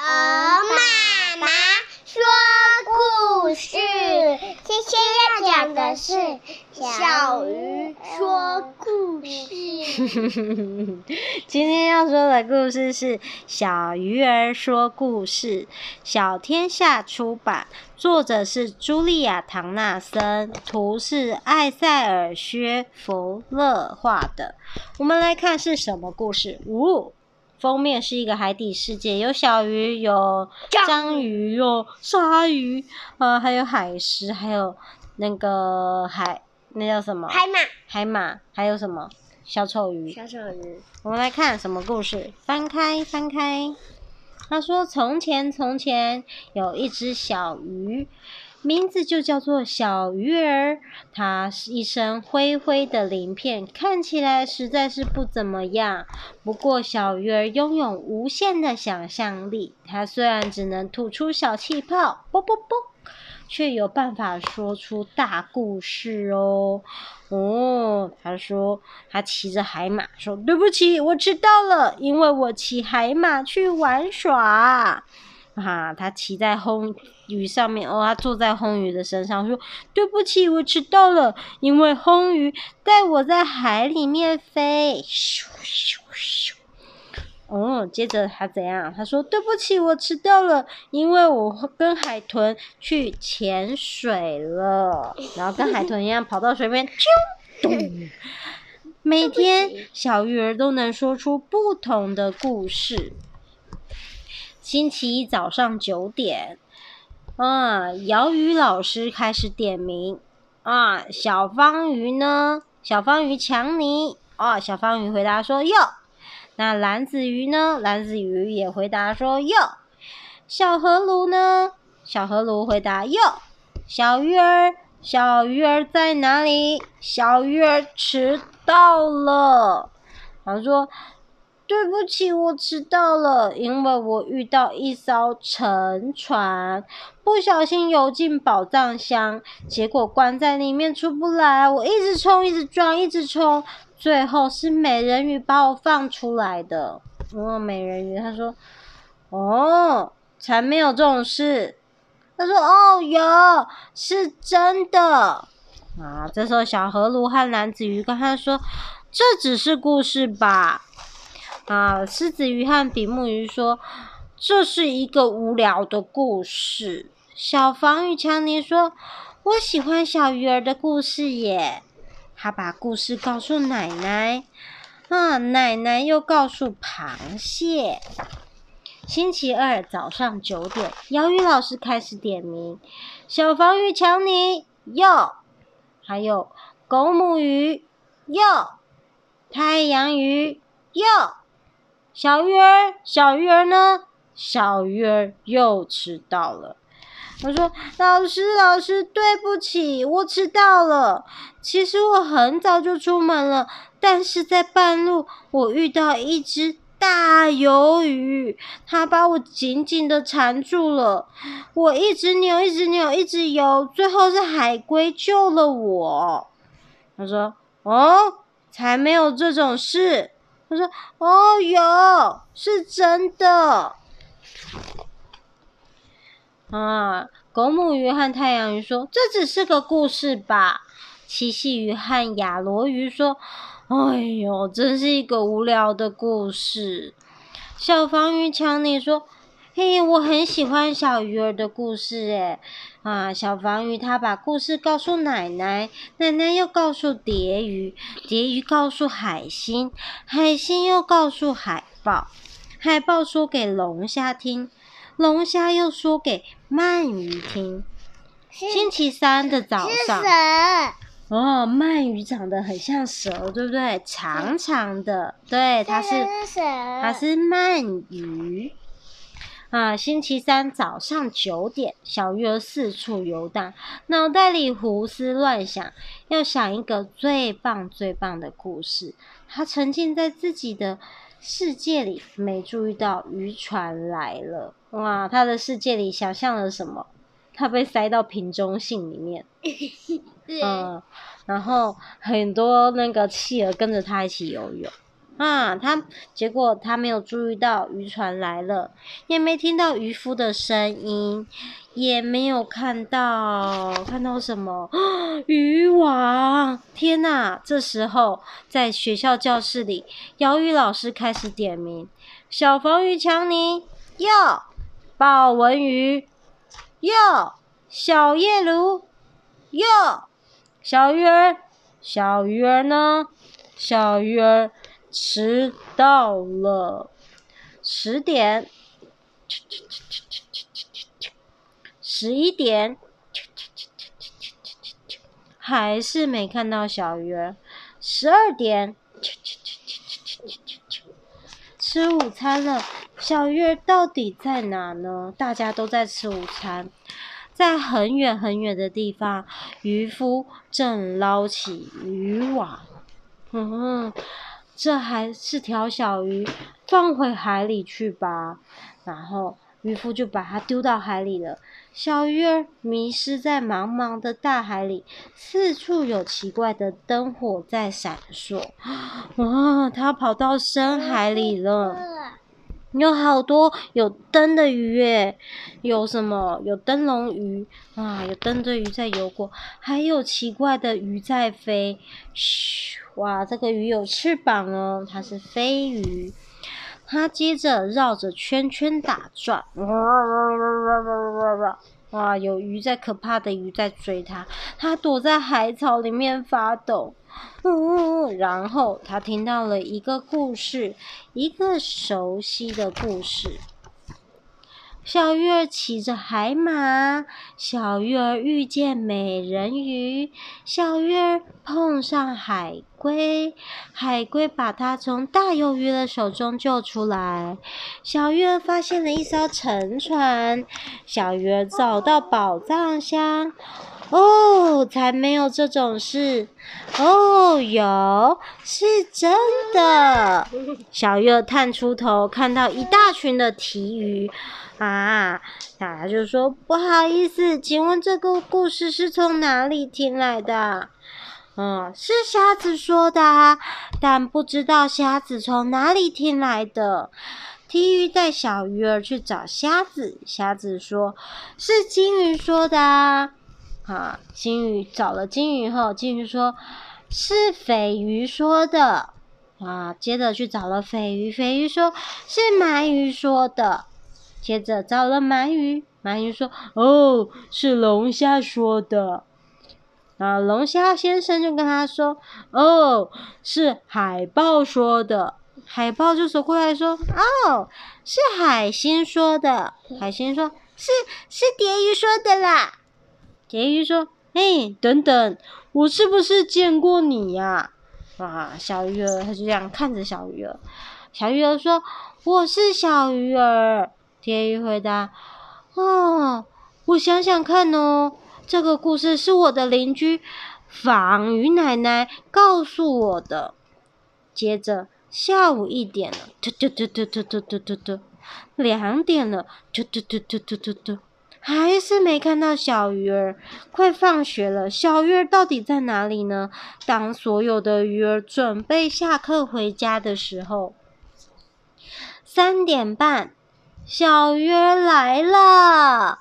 兒媽媽說故事，今天要講的是小魚說故事。 今天要說的故事是《小魚兒說故事》，小天下出版，作者是茱莉亞·唐納森，圖是艾塞爾·薛弗勒畫的。我們來看是什麼故事？嗚、哦。封面是一個海底世界，有小魚，有章魚，有鯊魚，啊、呃，還有海獅，還有那個海，那叫什麼？海馬。海馬還有什麼？小丑魚。小丑魚。我們來看什麼故事？翻開，翻開。他說：“從前，從前有一隻小魚。”名字就叫做小魚兒，它是一身灰灰的鱗片，看起來實在是不怎麼樣。不過小魚兒擁有無限的想象力，它雖然只能吐出小氣泡，啵啵啵，卻有辦法說出大故事哦。哦、嗯，他說他騎着海馬，說對不起，我遲到了，因為我騎海馬去玩耍。啊，他騎在風魚上面哦，他坐在風魚的身上，說：“對不起，我遲到了，因為風魚帶我在海裡面飛。”咻咻咻，咻！哦，接着他怎樣？他說：“對不起，我遲到了，因為我跟海豚去潛水了，然後跟海豚一樣跑到水面。 ”咚！每天小魚兒都能說出不同的故事。星期一早上九點，啊，瑤魚老師開始點名，啊，小方魚呢？小方魚強尼，哦、啊，小方魚回答說“要”。那藍子魚呢？藍子魚也回答說“要”。小河鱸呢？小河鱸回答“要”。小魚兒，小魚兒在哪裡？小魚兒遲到了。好像說。對不起，我遲到了，因為我遇到一艘沉船，不小心游進寶藏箱，結果關在裡面出不來。我一直衝，一直撞，一直衝，最後是美人魚把我放出來的。哦、嗯，美人魚，他說：“哦，才沒有這種事。”他說：“哦，有，是真的。”啊，這時候小河鱸和藍子魚跟他說：“這只是故事吧。”好，啊，獅子魚和比目魚說：“這是一個無聊的故事。”小黃魚強尼說：“我喜歡小魚兒的故事耶！”他把故事告訴奶奶，啊，奶奶又告訴螃蟹。星期二早上九點，瑤魚老師開始點名：小黃魚強尼，喲，還有狗母魚，喲，太陽魚，喲。小魚兒，小魚兒呢？小魚兒又遲到了。他說：“老師，老師，對不起，我遲到了。其實我很早就出門了，但是在半路，我遇到一隻大魷魚，它把我緊緊地纏住了。我一直扭，一直扭，一直游，最後是海龜救了我。”他說：“哦，才沒有這種事。”他說：“哦，喲，是真的。”啊，狗母魚和太陽魚說：“這只是個故事吧。”七夕魚和雅羅魚說：“哎呦，真是一個無聊的故事。”小黃魚強尼說。哎、欸，我很喜歡小魚兒的故事哎，啊，小黃魚它把故事告訴奶奶，奶奶又告訴蝶魚，蝶魚告訴海星，海星又告訴海豹，海豹說給龍蝦聽，龍蝦又說給鰻魚聽。是星期三的早上，蛇哦，鰻魚長得很像蛇，對不對？長長的，嗯、對，它是，它是鰻蛇魚。啊，星期三早上九點，小魚兒四處游蕩，腦袋裡胡思亂想，要想一個最棒最棒的故事。他沉浸在自己的世界裡，沒注意到漁船來了。哇，他的世界裡想象了什麼？他被塞到瓶中信裡面， 對嗯，然後很多那個企鵝跟着他一起游泳。啊，他，結果他沒有注意到漁船來了，也沒聽到漁夫的聲音，也沒有看到看到什麼漁網、啊。天哪！這時候在學校教室裡，姚魚老師開始點名：小黃魚強尼，喲；Yo! 豹紋魚，喲；Yo! 小葉鱸，喲；小魚兒，小魚兒呢？小魚兒。遲到了，十點，啾啾啾啾啾啾啾啾，十一點，啾啾啾啾啾啾啾啾，還是沒看到小魚兒。十二點，啾啾啾啾啾啾啾啾，吃午餐了。小魚兒到底在哪呢？大家都在吃午餐，在很遠很遠的地方，漁夫正撈起漁網。嗯這還是條小魚，放回海裡去吧。然後漁夫就把它丟到海裡了。小魚兒迷失在茫茫的大海裡，四處有奇怪的燈火在閃爍。哇，它跑到深海裡了！有好多有燈的魚耶！有什麼？有燈籠魚啊，有燈的魚在游過，還有奇怪的魚在飛，咻。哇，這個魚有翅膀哦，它是飛魚。它接着繞着圈圈打轉，哇哇哇哇哇哇哇！哇，有魚在，可怕的魚在追它。它躲在海草裡面發抖，嗚。然後它聽到了一個故事，一個熟悉的故事。小魚兒騎着海馬，小魚兒遇見美人魚，小魚兒碰上海龜，海龜把它從大魷魚的手中救出來。小魚兒發現了一艘沉船，小魚兒找到寶藏箱。哦，才沒有這種事。哦，有，是真的。小魚兒探出頭，看到一大群的鯷魚。啊，小孩就說：“不好意思，請問這個故事是從哪裡聽來的？”“嗯，是瞎子說的、啊，但不知道瞎子從哪裡聽來的。”“金魚帶小魚兒去找瞎子，瞎子說是金魚說的、啊。”“啊，金魚找了金魚後，金魚說是鯡魚說的。”“啊，接着去找了鯡魚，鯡魚說是鰻魚說的。”接着找了鰻魚，鰻魚說：“哦，是龍蝦說的。”啊，龍蝦先生就跟他說：“哦，是海豹說的。”海豹就走過來說：“哦，是海星說的。”海星說：“是是蝶魚說的啦。”蝶魚說：“嘿，等等，我是不是見過你呀？”啊，小魚兒他就這樣看着小魚兒。小魚兒說：“我是小魚兒。”鐵魚回答：“哦，我想想看哦，這個故事是我的鄰居，魴魚奶奶告訴我的。”接着，下午一點了，嘟嘟嘟嘟嘟嘟嘟嘟，兩點了，嘟嘟嘟嘟嘟嘟嘟，還是沒看到小魚兒。快放學了，小魚兒到底在哪裡呢？當所有的魚兒準備下課回家的時候，三點半。小魚兒來了，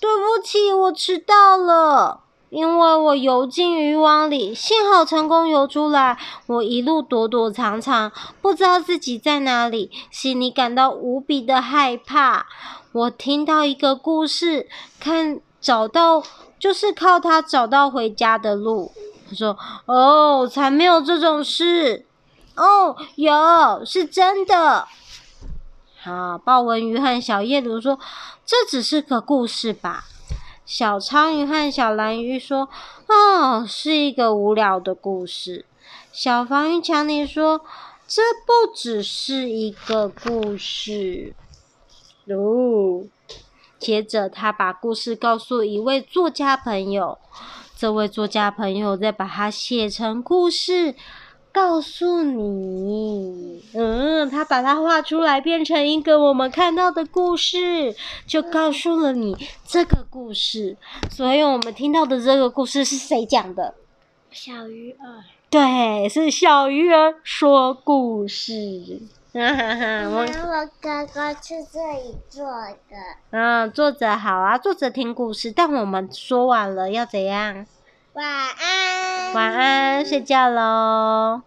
對不起，我遲到了，因為我游進漁網裡，幸好成功游出來。我一路躲躲藏藏，不知道自己在哪裡，心裡感到無比的害怕。我聽到一個故事，看找到就是靠它找到回家的路。他說：“哦，才沒有這種事。”“哦，有，是真的。”啊！豹紋魚和小夜鱸說：“這只是個故事吧。”小鯧魚和小藍魚說：“哦，是一個無聊的故事。”小黃魚強尼說：“這不只是一個故事。”哦，接着，他把故事告訴一位作家朋友，這位作家朋友再把它寫成故事。告訴你，嗯，他把它畫出來，變成一個我們看到的故事，就告訴了你這個故事。所以我們聽到的這個故事是誰講的？小魚兒。對，是小魚兒說故事。哈哈、嗯。我跟我哥哥去這裡做的。嗯，坐著，好啊，坐著聽故事，但我們說完了要怎樣？晚安，晚安，睡覺嘍。